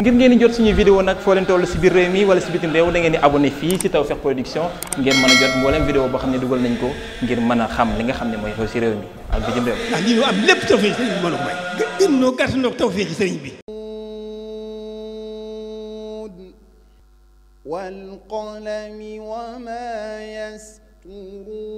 ngir ngeen jot suñu vidéo nag foo leen toll si biir réew mi wala si bitim réew da ngeen di abonné fii si Tawfekh Production ngeen mën a jot mboolem vidéo boo xam ne dugal nañ ko ngir mën a xam li nga xam ne mooy xew si réew mi ak bitim réew. ndax ah, lii ñu a may. gën noo gàtt noo sëriñ bi. wa ma yasturuun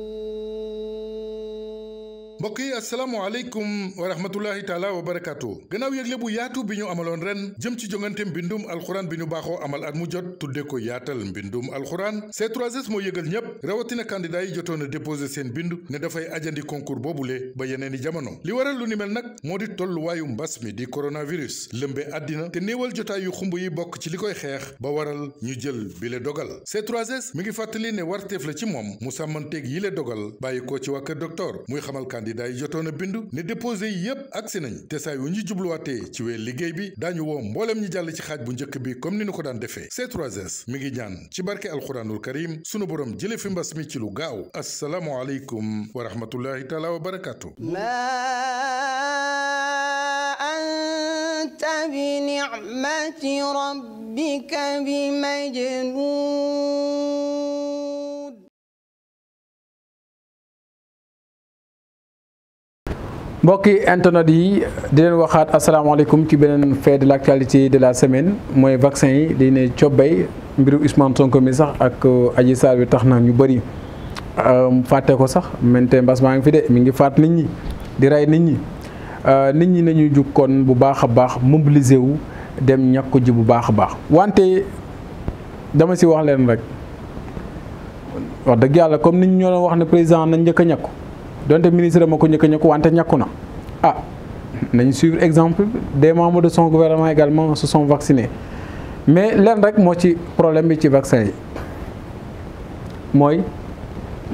mbokk yi asalaamaaleykum wa rahmatullahi taala wa barakaatu gannaaw yëgle bu yaatu bi ñu amaloon ren jëm ci jongante mbindum alxuraan bi ñu baaxoo amal at mu jot tudde ko yaatal mbindum alxuraan C3S moo yëgal ñépp rawatina candidat yi jotoon a déposé seen bind ne dafay ajandi boobu boobule ba yeneen i jamono li waral lu ni mel nag moo di tolluwaayu mbas mi di coronavirus lëmbe àddina te néewal jotaay yu xumb yi bokk ci li koy xeex ba waral ñu jël bile dogal C3S ngi fàttali ne warteef la ci moom mu sàmmanteeg yile dogal bàyyi ko ci waa kër muy xamal candidat candidat yi jotoon a bindu ne déposé yi yépp agsi nañ te saa yu ñu jubluwaatee ci wàllu liggéey bi daañu woo mbooleem ñi jàll ci xaaj bu njëkk bi comme ni ñu ko daan defee c ngi ñaan ci barke alxuraanul karim sunu borom jële fi mbas mi ci lu gaaw assalaamu aleykum wa rahmatullahi taala wa barakaatu أنت بنعمة ربك بمجنون mbokki internet yi di leen waxaat asalaamaaleykum ci beneen fait de l' actualité de la semaine mooy vaccin yi di ne cobbay mbiru Ousmane Sonko mi sax ak euh, Adji Sarr bi tax na ñu bëri euh, fàtte ko sax mente mbas maa ngi fi de mi ngi faat nit ñi di rey nit ñi euh, nit ñi nañuy jug kon bu baax a baax mobiliser wu dem ñàkku ji bu baax a baax wante dama si wax leen rek wax dëgg yàlla comme nit ñi ñoo doon wax ne président nañ njëkk a ñàkku donte ministre ma ko ñëkk a ñëkk wante ñàkku na ah nañ suivre exemple des membres de son gouvernement également se son vaccinés mais leen rek moo ci problème bi ci vaccin yi mooy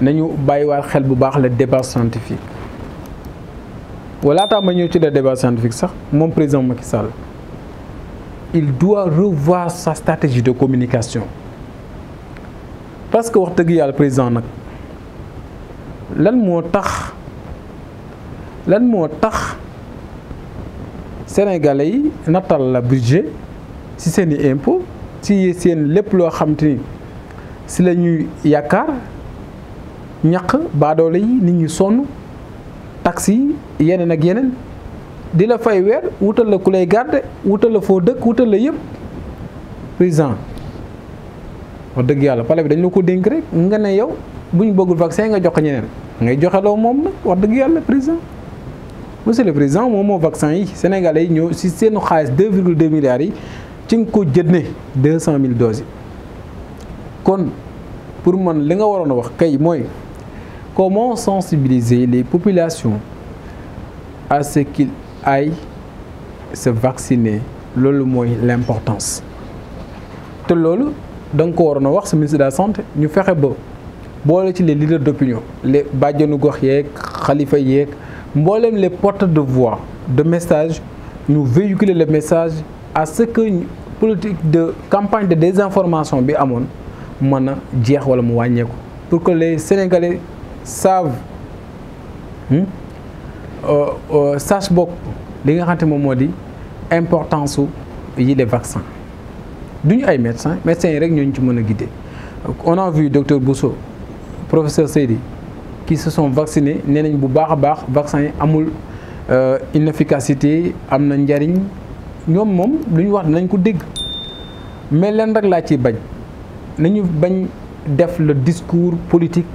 nañu bàyyiwaat xel bu baax le débat scientifique walaataa ma ñëw ci le débat scientifique sax moom président Macky Sall il doit revoir sa stratégie de communication parce que wax dëgg yàlla président nag. lan moo tax lan moo tax sénégalais yi nattal la budget ci seeni i impôt ci seen lépp loo xam te ni ci la ñuy yaakaar ñaq baadoole yi nit ñi sonn taxi yi yeneen ak yeneen di la fay weer wutal la ku lay garde wutal la foo dëkk wutal la yëpp président wax dëgg yàlla pale bi dañ la ko dénk rek nga ne yow bu ñu bëggul vaccin nga jox ko ñeneen ngay joxe loo moom nag wax dëgg yàlla président monsieur le président moom moo vaccin yi sénégalais yi ñoo si seenu xaalis 2,2 milliards yi ci nga ko jëndee 200 000 doses yi kon pour man li nga waroon a wax kay mooy comment sensibiliser les populations à ce ay aillent se vacciner loolu mooy l'importance te loolu da ko waroon a wax sa ministre santé ñu fexe ba. boole ci les leaders d'opinion les bàjjanu gox yeeg xalifa yéeg mbooleem les porte de voix de message ñu véhiculer le message à ce que politique de campagne de désinformation bi amoon mën a jeex wala mu wàññeeku pour que les sénégalais savent hmm, euh, euh, sache bokk li nga xamante moom moo di importance su yi les vaccins du ñu ay médecins médecins yi rek ñooñu ci mën a guider on a vu docteur Bousso professeur Seydi qui se sont vaccinés nee nañ bu baax a baax vaccin yi amul euh, inefficacité am na njariñ ñoom moom lu ñu wax dinañ ko dégg mais leen rek laa ci bañ nañu bañ def le discours politique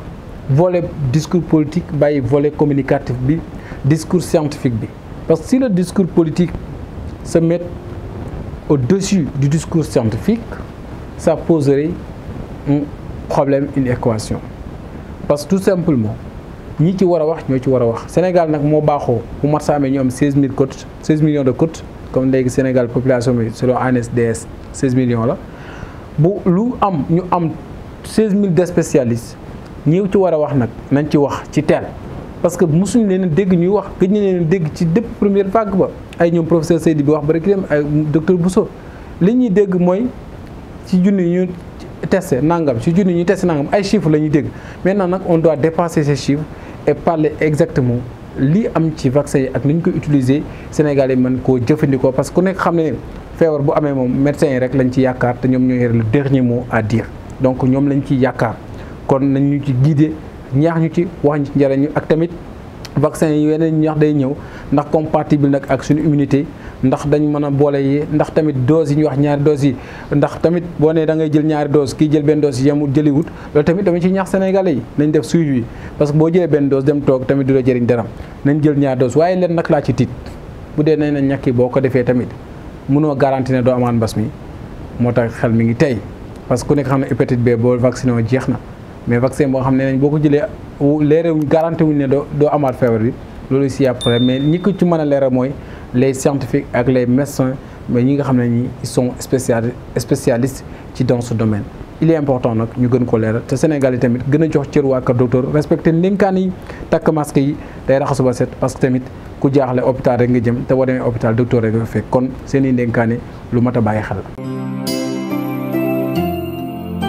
vole discours politique bàyyi volet communicatif bi discours scientifique bi parce que si le discours politique se met au-dessus du discours scientifique ça poserait un problème une équation parce que tout simplement ñi ci war a wax ñoo ci war a wax Sénégal nag moo baaxoo bu match amee ñu am 16000 cotes 16 de cotes comme léegi Sénégal population bi selon ANSDS 16 millions la bu lu am ñu am 16000 de spécialistes ñi ci war a wax nag nañ ci wax ci teel. parce que mosuñ leen dégg ñuy wax gëj na leen dégg ci dépp première vague ba ay ñoom professeur Seydi bi wax ba rek dem ay docteur Bousso li ñuy dégg mooy ci junni ñu. testé nangam si junni ñu testé nangam ay chiffres la ñuy dégg maintenant nag on doit dépasser ces chiffres et parler exactement li am ci vaccin yi ak ni ñu koy utiliser Sénégal yi mën koo jëfandikoo parce que ku nekk xam ne feebar bu amee moom médecins yi rek lañ ci yaakaar te ñoom ñoo yore le dernier mot à dire donc ñoom lañ ci yaakaar kon nañu ñu ci guider ñaax ñu ci wax ñu ci ak tamit vaccin yi yeneen ñax day ñëw ndax compatible nag ak suñu immunité. ndax dañ mën a boole yi ndax tamit dose yi ñu wax ñaari dose yi ndax tamit boo ne dangay jël ñaari dose kiy jël benn dose yi yemul jëliwut loolu tamit dama ci ñaax sénégalais yi nañ def suivi bi parce que boo jëlee benn dose dem toog tamit du la jëriñ dara nañ jël ñaari dose waaye leen nag laa ci tiit bu dee nañ na ñàkki boo ko defee tamit mënoo garanti ne doo amaan mbas mi moo tax xel mi ngi tey parce que ku nekk xam ne hépatite B boo vacciné woon jeex na mais vaccin boo xam ne nañ boo ko jëlee léerewuñ garanti wuñ ne doo doo amaat feebar bi loolu si yàpp mais ñi ci mën a leeral mooy les scientifiques ak les médecins mais ñi nga xam ne ñi son sont spécialistes ci dans ce domaine il est important nag ñu gën ko leeral te Sénégal yi tamit gën a jox cër waa kër docteur respecté ndénkaan yi takk masque yi day raxasu ba set parce que tamit ku jaaxle hôpital rek nga jëm te boo demee hôpital docteur rek nga fekk kon seen i ndénkaane lu mat a bàyyi xel